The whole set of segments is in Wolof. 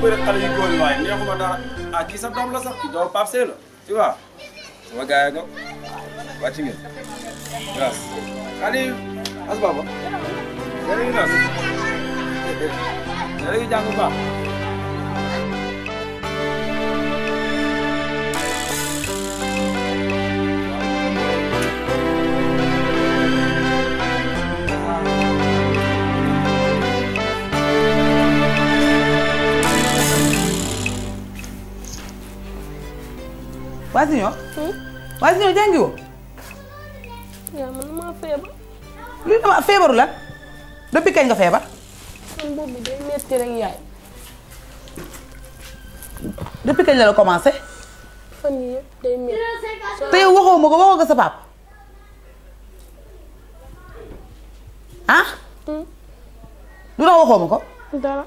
bëri xale yu góor yi waaye neexuma dara ah kii sa doom la sax kii doom Pape Seye la tu vois sama gars yi as baba yéen a ngi a ngi jàng waa Signor. waa Signor jàngi woo. yaa man maa feebar. feebaru la depuis kañ nga feebar. man bopp kañ la la commencé. fan yii te waxoo ma ko waxoo ko sa papa. ah. Hmm? lu tax waxoo ma ko. dara.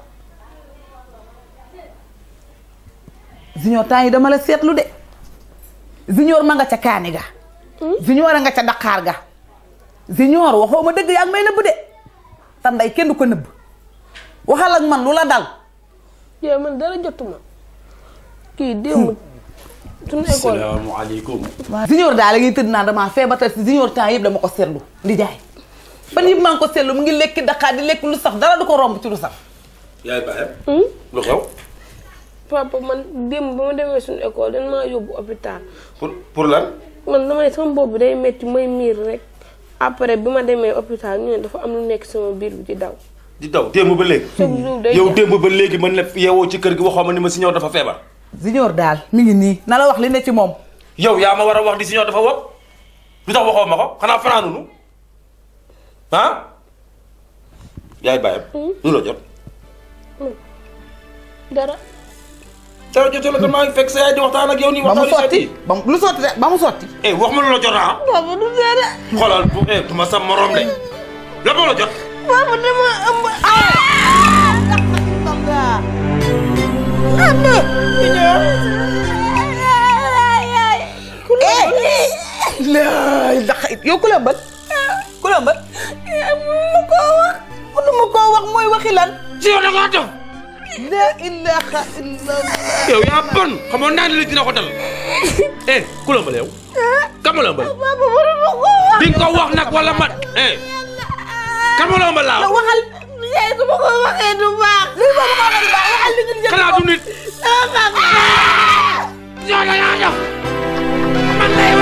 Signor temps yi dama la seetlu de. junior ma nga ca kaani ga hmm? junior a nga ca daqaar ga junior waxoo ma dëgg yaa ngi may nëbb de tanday kenn du ko nëbb waxal ak man lu la dal yow man dara jotuma kii démb suñu école asalaamaaleykum junior daal la ngi tëdd naa damaa feebar te junior temps yëpp dama ko seetlu di jaay fan ni maa ngi ko seetlu mu ngi lekki daqaar di lekk lu saf dara du ko romb ti lu saf yaay papa man démb ba ma demee suñu école dañ maa yóbbu hôpital. pour pour lan. man damay sama bopp bi day métti may miir rek après bi ma demee hôpital ñu ne dafa am lu nekk sama biir bi di daw. di daw démb ba léegi. yow démb ba léegi man la yeewoo ci kër gi waxoo ma ni ma siñoor dafa feebar. siñoor daal mi ngi nii na la wax li ne ci moom. yow yaa ma war a wax di siñoor dafa wopp lu tax waxoo ma ko xanaa fanaanunu ah. yaay bàyyam. Hmm? lu la jot. Hmm. dara. ca jotee la kon maa ngi di waxtaan ak yow nii. waxtaan yu sotti ba mu sotti ba mu lu sotti de ba mu eh wax ma lu la jot ah. papa du dee bu eh du ma sa morom de. la ma la jot. papa dama ëmb. am na. ku la mbal. laay ndax la mbal. ku la mbal. mu ko wax. ko wax mooy waxi lan. ci yow da la ilaha illallah. yow yaa bon xamoon naa ne li dina ko dal. eh ku la mbal yow. kan ma la mbal. di nga ko wax nag wala mat. eh kan ma la waxal léegi eh, su ma ko waxee du baax. li ma ko waxee li nga. xanaa du nit. yow da ngaa def. man lay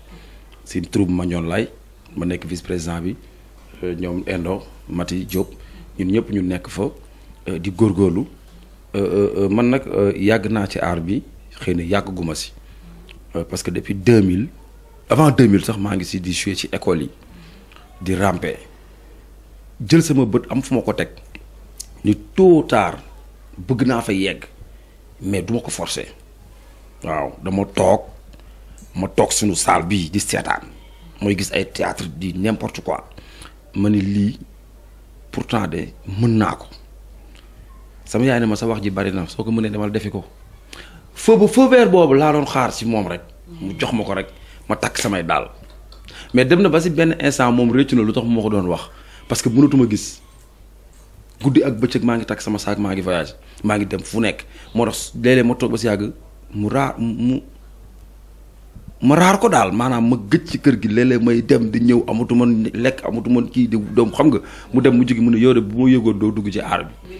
une troupe ma lai ma suis vice président bi sommes euh, Endo Mati Diop ñun euh, di góorgóorlu euh, man je suis ci bi xëy na guma parce que depuis 2000 avant 2000 sax suis si di ci école yi di ramper jël sama suis am fu ko ni tard fa yegg mais duma ko forcer ma tok suñu salle bi di seetaan moy gis ay théâtre di n'importe quoi mané li pourtant dé mën naa ko sama yaay ne ma sa wax ji bari na soko ko mënee demal defi ko feu bu feu vert boobu laa doon xaar ci mom rek mu jox mako rek ma tak samay daal mais dem na ba si benn instant mom réccu na lutax tax ko doon wax parce que mënatuma gis guddi ak bëccëg ma ngi tak sama sac ma ngi voyage ma ngi dem fu nek mo tax léeg-léeg ma toog ba si yàgg mu ra mu ma raar ko daal maanaam ma gëj ci kër gi léeg-léeg may dem di ñëw amatuma lekk amatuma kii di doom xam nga mu dem mu jógi mu a yow de bu ma yëgoon doo dugg ci aar bi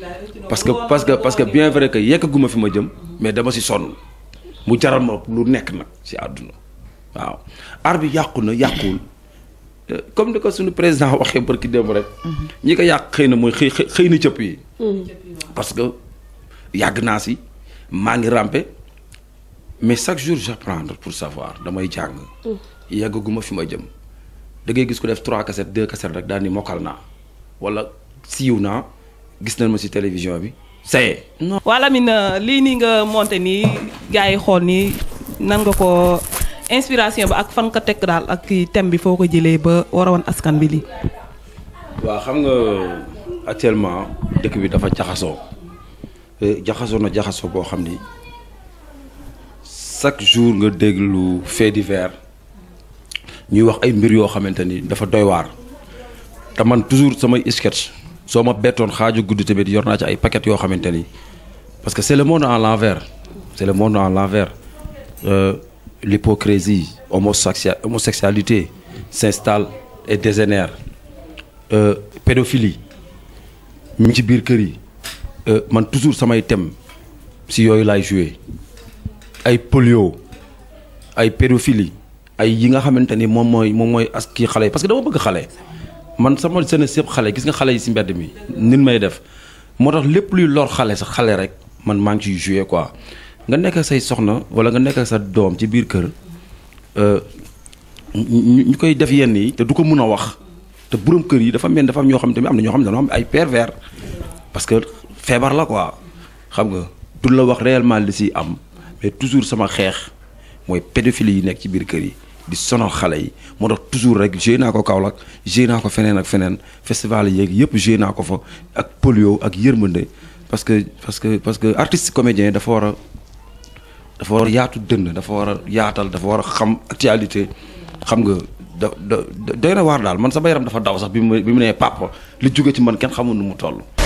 parce que parce que que bien vrai que yegguma fi ma jëm mais dama si sonn mu jaral ma lu nekk nag si àdduna waaw bi yàqu na yàquwul comme ni suñu président waxee barki dem xëy na mooy xëy na cëpp mm. parce que yàgg naa si maa ngi ràmpe mais chaque jour j'apprendre pour savoir damay jàng. yeggaguma fi ma jëm. da ngay gis ku def trois cassettes deux cassettes rek daal ni mokkal naa wala siiw naa gis nañ ma ci télévision bi c'est non voilà mine lii nii nga monté nii gars yi xool nan nga ko inspiration ba ak fan nga tek dal ak thème bi foko ko ba war a askan bi li wa xam nga actuellement dëkk bi dafa jaxasoo eh, jaxasoo na jaxasoo boo xam ni chaque jour nga déglu fait divers ñuy wax ay mbir yo xamanteni dafa doy war ta man toujours sama sketch soo ma xaju xaaju guddi tamit yor ci ay paquet yo xamanteni parce que c'est le monde en l'envers C'est le monde en l'envers euh, l'hypocrisie homosexualité s'installe et dégénère euh, pédophilie mi ci bir kër yi euh, man toujours sama thème si yoy lay jouer ay polio ay pédophilie ay yi nga xamante mom moy mom moy mooy as kii xale parce que dama bëgg xalé man sama sene sepp xalé gis nga xalé ci si mi nit may def motax lepp luy lor xalé sa xalé rek man maa ngi ciy joué quoi nga nekk ak say soxna wala nga nekk ak sa dom ci biir kër euh, ñu koy def yenn yi te du ko mun wax te borom kër yi dafa mel dafa am ñoo xam tamit am na ñoo xam am ay pervers parce que feebar la quoi xam nga du la wax réellement li si am mais toujours sama xeex moy pédophile yi nek ci biir kër yi di sono xalé yi mo tax toujours rek joué naa ko Kaolack joué naa ko feneen ak fenen festival yi yëpp joué naa ko fa ak polio ak yermande parce que parce que parce que artiste comédien dafa war a dafa war yaatu dënn dafa war a yaatal dafa war a xam actualité xam nga da war dal man sama yaram dafa daw sax bi mu bi mu papa li jóge ci man kenn xamul nu mu tollu